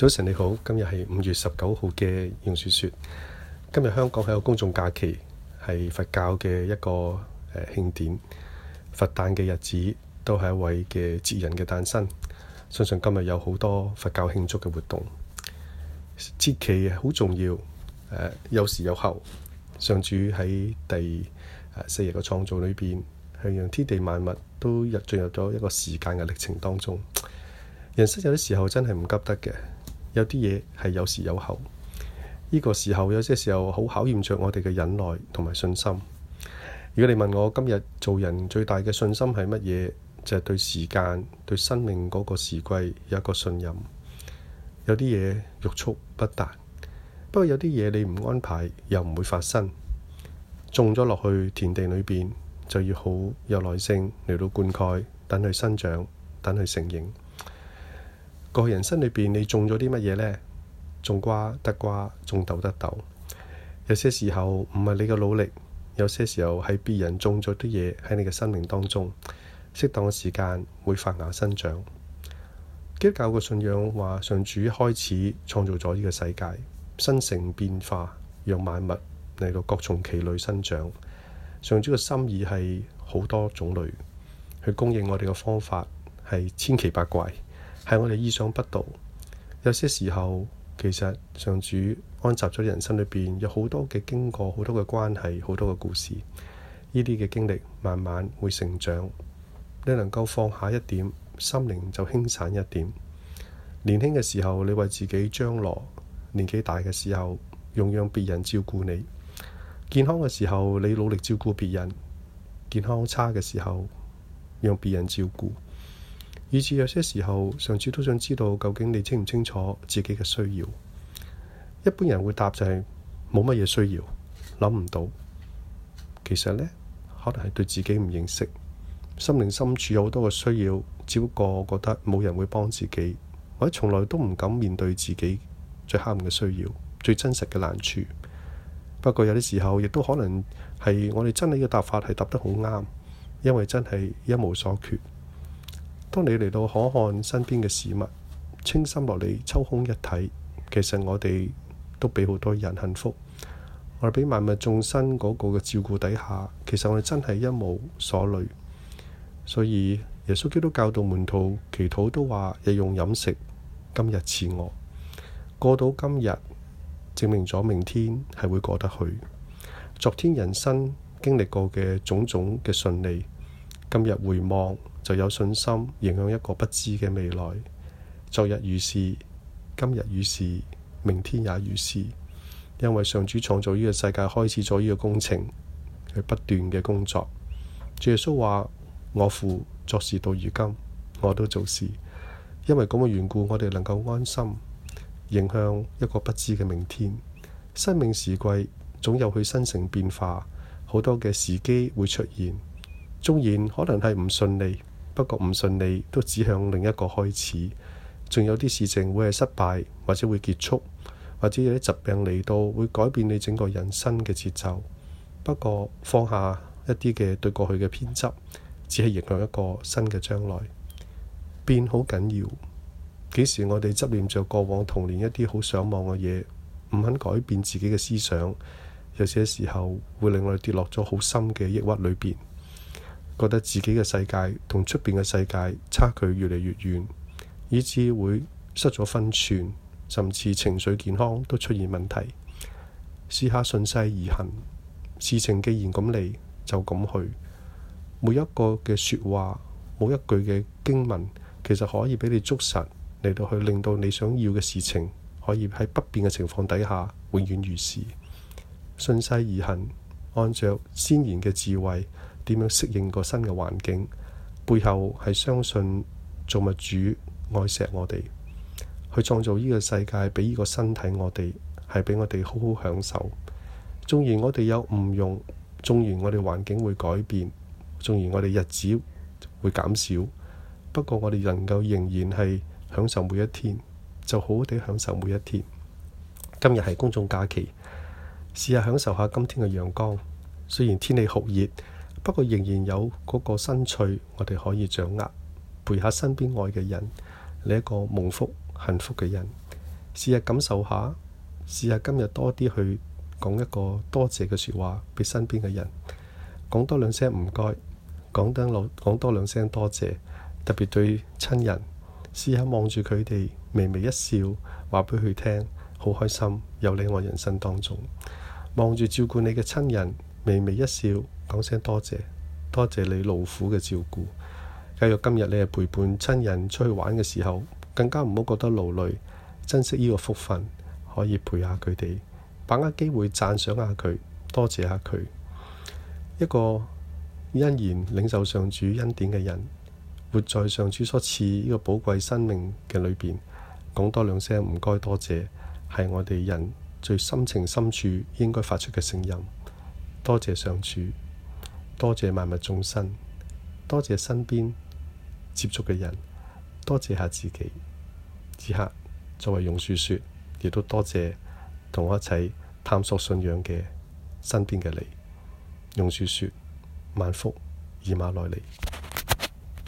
早晨你好，今日係五月十九號嘅楊雪雪。今日香港喺個公眾假期，係佛教嘅一個誒慶、呃、典，佛誕嘅日子都係一位嘅哲人嘅誕生。相信今日有好多佛教慶祝嘅活動。節期好重要誒、呃，有時有候，上主喺第四日嘅創造裏邊，向讓天地萬物都進入進入咗一個時間嘅歷程當中。人生有啲時候真係唔急得嘅。有啲嘢係有時有候，呢、這個時候，有些時候好考驗着我哋嘅忍耐同埋信心。如果你問我今日做人最大嘅信心係乜嘢？就係、是、對時間、對生命嗰個時季有一個信任。有啲嘢欲速不達，不過有啲嘢你唔安排又唔會發生。種咗落去田地裏邊，就要好有耐性嚟到灌溉，等佢生長，等佢成形。個人生裏邊，你種咗啲乜嘢呢？種瓜得瓜，種豆得豆。有些時候唔係你嘅努力，有些時候係別人種咗啲嘢喺你嘅生命當中，適當嘅時間會發芽生長。基督教嘅信仰話，上主開始創造咗呢個世界，生成變化，讓萬物嚟到各從其類生長。上主嘅心意係好多種類，佢供應我哋嘅方法係千奇百怪。係我哋意想不到，有些時候其實上主安集咗人生裏邊有好多嘅經過，好多嘅關係，好多嘅故事。呢啲嘅經歷慢慢會成長。你能夠放下一點，心靈就輕省一點。年輕嘅時候你為自己張羅，年紀大嘅時候用讓別人照顧你。健康嘅時候你努力照顧別人，健康差嘅時候讓別人照顧。以至有些時候，上次都想知道究竟你清唔清楚自己嘅需要。一般人會答就係冇乜嘢需要，諗唔到。其實呢，可能係對自己唔認識，心靈深處有好多嘅需要，只不過覺得冇人會幫自己，或者從來都唔敢面對自己最黑暗嘅需要、最真實嘅難處。不過有啲時候，亦都可能係我哋真理嘅答法係答得好啱，因為真係一無所缺。當你嚟到可看身邊嘅事物，清心落嚟，抽空一睇，其實我哋都比好多人幸福，我哋俾萬物眾生嗰個嘅照顧底下，其實我哋真係一無所慮。所以耶穌基督教導門徒祈禱，都話：，日用飲食，今日賜我。過到今日，證明咗明天係會過得去。昨天人生經歷過嘅種種嘅順利。今日回望就有信心，迎向一個不知嘅未來，昨日如是，今日如是，明天也如是，因為上主創造呢個世界，開始咗呢個工程，係不斷嘅工作。主耶穌話，我父作事到如今，我都做事，因為咁嘅緣故，我哋能夠安心迎向一個不知嘅明天。生命時季總有佢新成變化，好多嘅時機會出現。縱然可能係唔順利，不過唔順利都指向另一個開始。仲有啲事情會係失敗或者會結束，或者有啲疾病嚟到會改變你整個人生嘅節奏。不過放下一啲嘅對過去嘅偏執，只係迎向一個新嘅將來變好緊要。幾時我哋執念着過往童年一啲好想望嘅嘢，唔肯改變自己嘅思想，有些時候會令我哋跌落咗好深嘅抑鬱裏邊。覺得自己嘅世界同出邊嘅世界差距越嚟越遠，以致會失咗分寸，甚至情緒健康都出現問題。試下順勢而行，事情既然咁嚟，就咁去。每一個嘅說話，每一句嘅經文，其實可以俾你捉實，嚟到去令到你想要嘅事情，可以喺不變嘅情況底下，永遠如是。順勢而行，按照先賢嘅智慧。點樣適應個新嘅環境？背後係相信造物主愛錫我哋，去創造呢個世界，俾呢個身體我哋係俾我哋好好享受。縱然我哋有誤用，縱然我哋環境會改變，縱然我哋日子會減少，不過我哋能夠仍然係享受每一天，就好好地享受每一天。今日係公眾假期，試下享受下今天嘅陽光，雖然天氣酷熱。不過仍然有嗰個新趣，我哋可以掌握，陪下身邊愛嘅人，你一個蒙福幸福嘅人，試下感受下，試下今日多啲去講一個多謝嘅説話，俾身邊嘅人講多兩聲唔該，講多兩講多兩聲多謝，謝，特別對親人，試下望住佢哋微微一笑，話俾佢聽，好開心有你我人生當中，望住照顧你嘅親人微微一笑，講聲多謝，多謝你勞苦嘅照顧。假如今日你係陪伴親人出去玩嘅時候，更加唔好覺得勞累，珍惜呢個福分，可以陪下佢哋，把握機會讚賞下佢，多謝下佢。一個欣然領受上主恩典嘅人，活在上主所賜呢個寶貴生命嘅裏邊，講多兩聲唔該多謝，係我哋人最心情深處應該發出嘅聲音。多謝上主。多謝萬物眾生，多謝身邊接觸嘅人，多謝下自己。此刻作為榕樹說，亦都多謝同我一齊探索信仰嘅身邊嘅你。榕樹說：萬福以馬內利。